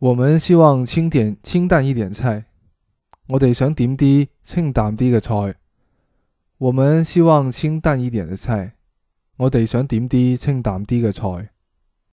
我們希望清點清淡一點菜，我哋想點啲清淡啲嘅菜。我們希望清淡一點嘅菜，我哋想點啲清淡啲嘅菜。